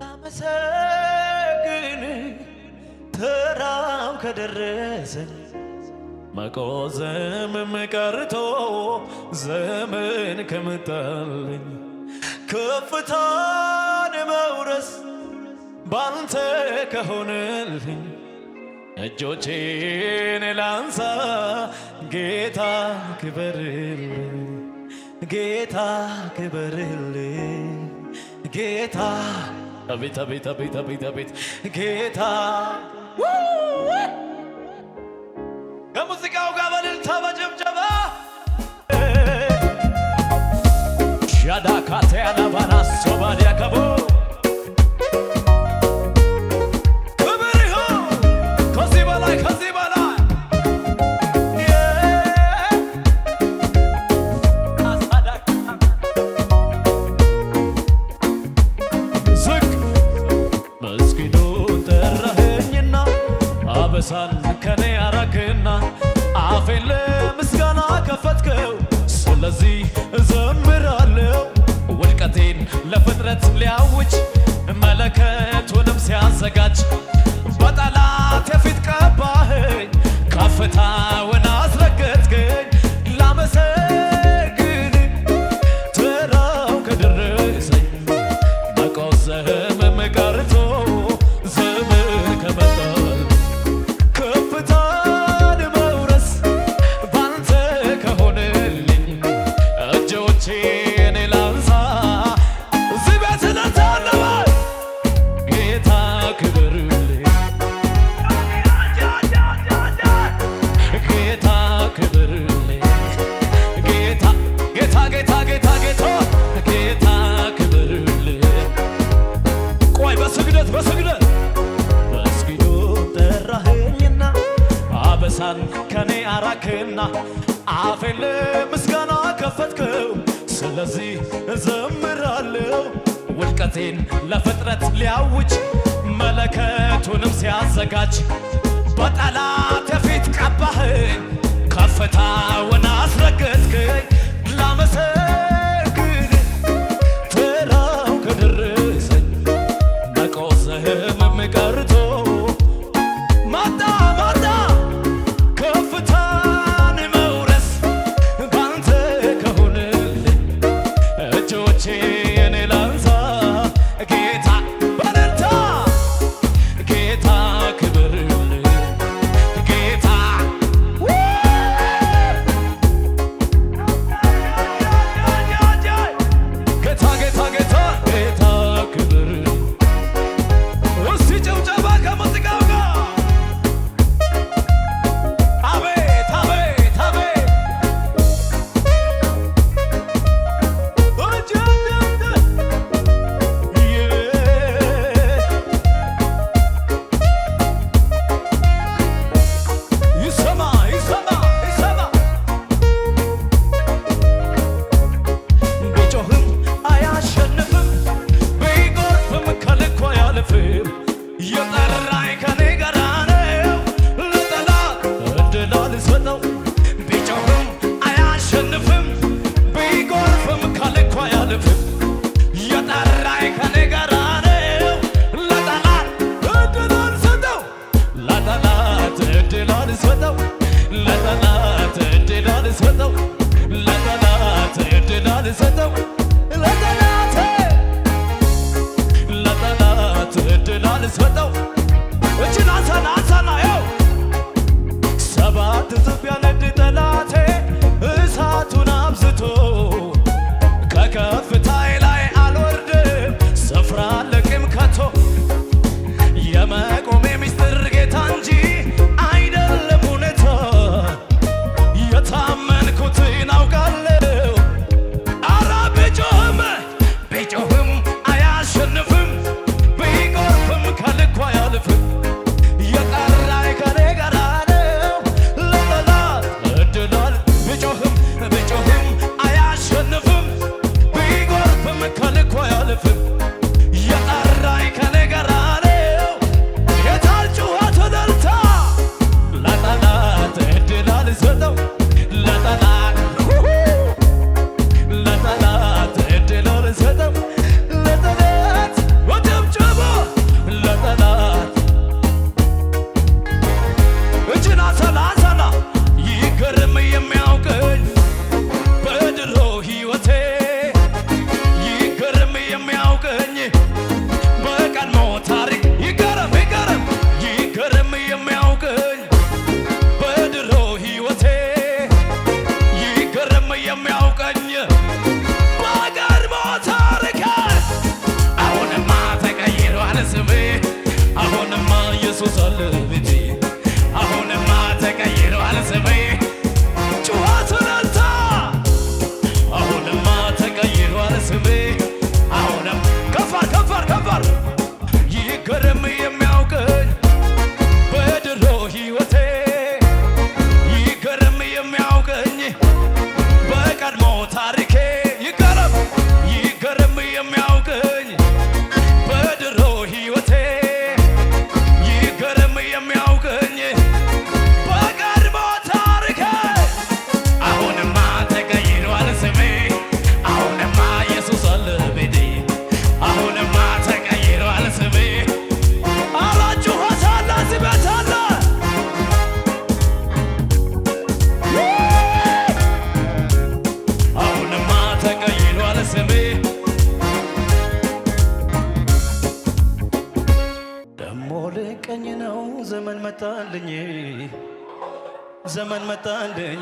ላመሰግን ተራው ከደረሰኝ መቆዘምም ቀርቶ ዘመን ከመጣልኝ ከፍታን መውረስ ባንተ ከሆነልኝ እጆቼን ላንሳ ጌታ ክበርልኝ ጌታ ክበርልኝ ጌታ አቤት አቤት አቤት አቤት አቤት ጌታ ከሙዚቃው ጋር በልልታ በጭብጨባ ሻዳ ካቴያና Son. አውጥተሃል ከኔ አራክና አፌን ምስጋና ከፈትከው፣ ስለዚህ እዘምራለሁ። ውድቀቴን ለፍጥረት ሊያውጅ መለከቱንም ሲያዘጋጅ በጠላት የፊት ቀባህ sweat up. Let the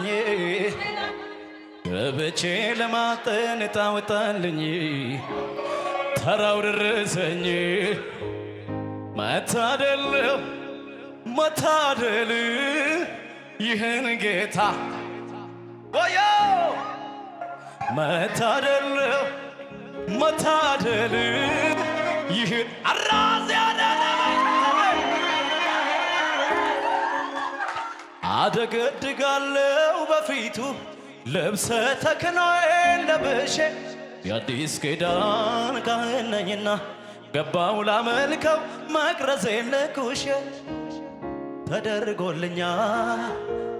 ታውጣኝ ገብቼ ለማጠን ታውጣልኝ ተራው ደረሰኝ መታደል መታደል ይህን ጌታ ወዮ መታደል መታደል ይህን አደገድጋለው በፊቱ ልብሰ ተክህኖዬን ለብሼ የአዲስ ኪዳን ካህን ነኝና ገባው ላመልከው መቅረዜን ለኩሼ ተደርጎልኛል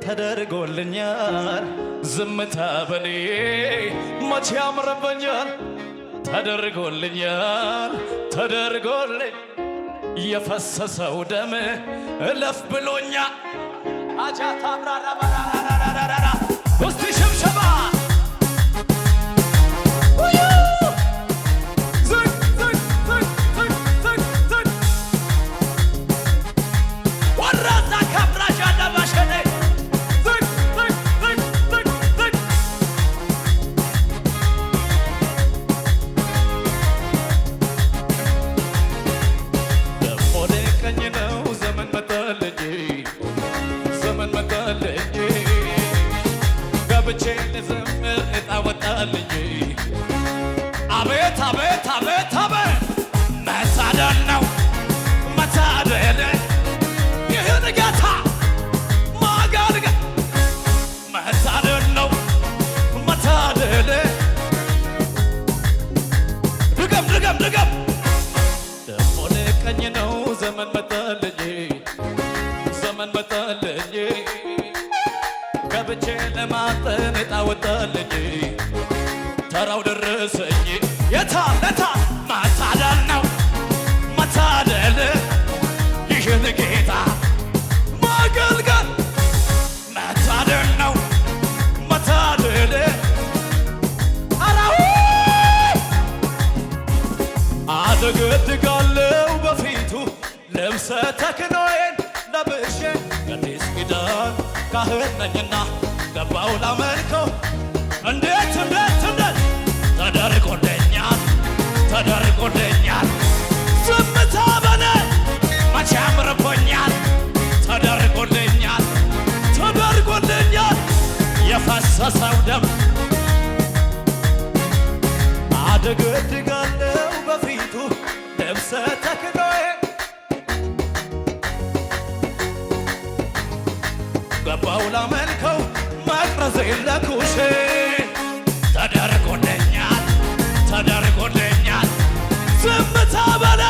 ተደርጎልኛል ዝምታ በኔ መቼ ያምርብኛል ተደርጎልኛል ተደርጎልኝ የፈሰሰው ደም እለፍ ብሎኛ አጃ ታምራ ቀኝ ነው ዘመን መጣልኝ ዘመን መጣልኝ ገብቼ ለማጠን ዕጣ ወጣልኝ ተራው ደረሰኝ ለታ መታደል ነው መታደል ይህን ጌታ ማገልገል መታደል ነው መታደል አራው አዘገድጋለው ልብሰ ተክኖዬን ለብሼ አዲስ ኪዳን ካህን ነኝና ገባው ላመልከው እንዴት እንዴት እንዴት ተደርጎልኛል ተደርጎልኛል ዝምታ በነ መቼ አምርቦኛል ተደርጎልኛል ተደርጎልኛል የፈሰሰው ደም አደገድጋለው በፊቱ ልብሰ ተክኖዬ በአበባው ላመልከው መቅረዝ ለኩሽ ተደርጎልኛል ተደርጎልኛል ዝምታ በለ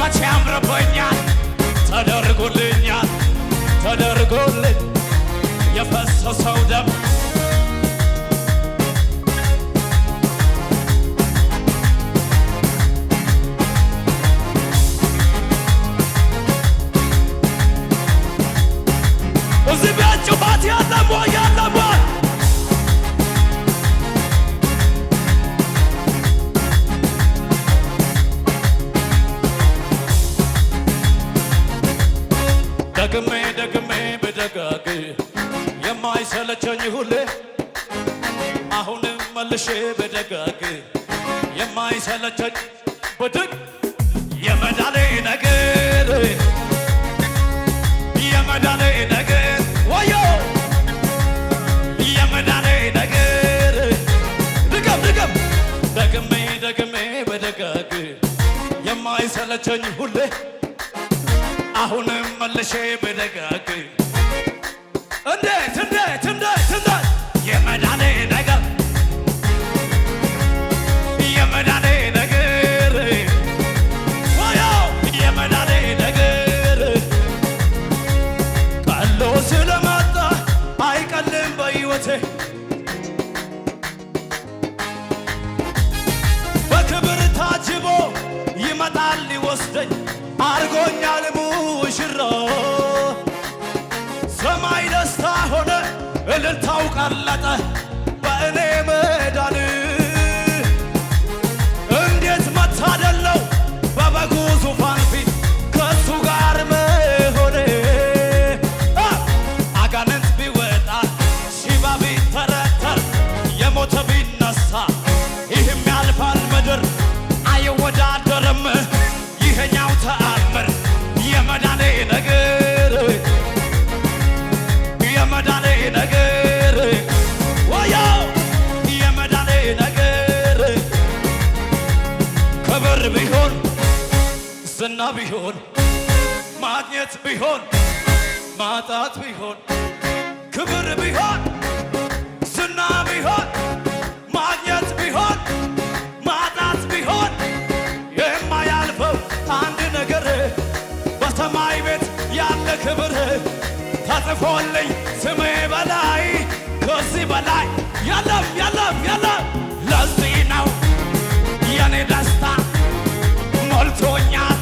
መቼ አምርቦኛል ተደርጎልኛል ተደርጎልኝ የፈሰሰው ደም ስትረዳኝ ሁሌ አሁንም መልሼ በደጋግ የማይሰለቸኝ ብድግ የመዳኔ ነገር የመዳኔ ነገር ወዮ የመዳኔ ነገር ድገም ድገም ደግሜ ደግሜ በደጋግ የማይሰለቸኝ ሁሌ አሁንም መልሼ በደጋግ ተጋለጠ ቢሆን ማግኘት ቢሆን ማጣት ቢሆን ክብር ቢሆን ዝና ቢሆን ማግኘት ቢሆን ማጣት ቢሆን የማያልፈው አንድ ነገር በሰማይ ቤት ያለ ክብር ተጽፎልኝ ስሜ በላይ ከዚህ በላይ የለም የለም የለም። ለዚህ ነው የኔ ደስታ ሞልቶኛል።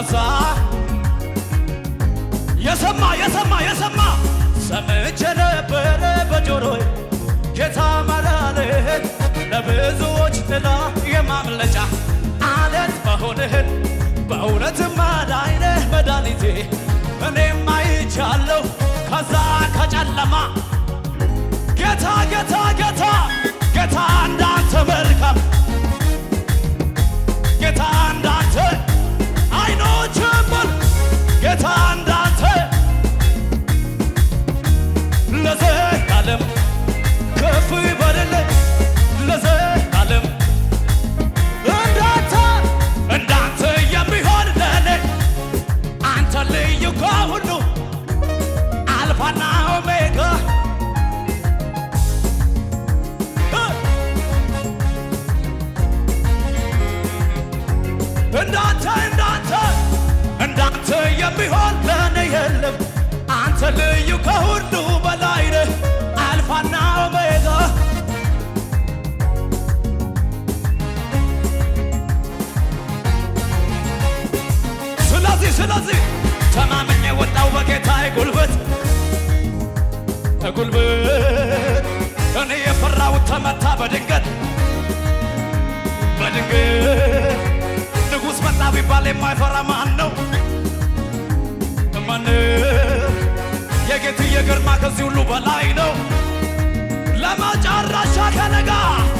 ከዛ የሰማ የሰማ የሰማ ሰምቼ ነበረ በጆሮዬ ጌታ ማዳንህን ለብዙዎች ጥላ የማምለጫ አለት መሆንህን በእውነትም አዳኝ መድኃኒቴ እኔም አይቻለሁ ከዛ ከጨለማ ጌታ ጌታ ጌታ ጌታ ቢሆን ለኔ የለም። አንተ ልዩ ከሁሉ በላይ ነህ፣ አልፋና ኦሜጋ ስለዚህ ስለዚህ ተማምኜ ወጣው በጌታዬ ጉልበት ጉልበት እኔ የፈራሁት ተመታ በድንገት በድንገት ንጉሥ መጣ ቢባል የማይፈራ ማን ነው? ለምን የጌትዬ ግርማ ከዚህ ሁሉ በላይ ነው። ለመጨረሻ ከነጋ